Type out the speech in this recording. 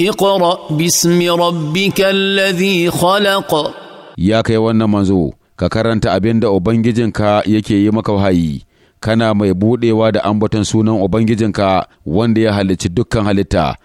اقرأ Ya kai Ya kai wannan manzo ka karanta abin da ubangijinka yake yi maka wahayi kana mai buɗewa da ambaton sunan ubangijinka wanda ya halicci dukkan halitta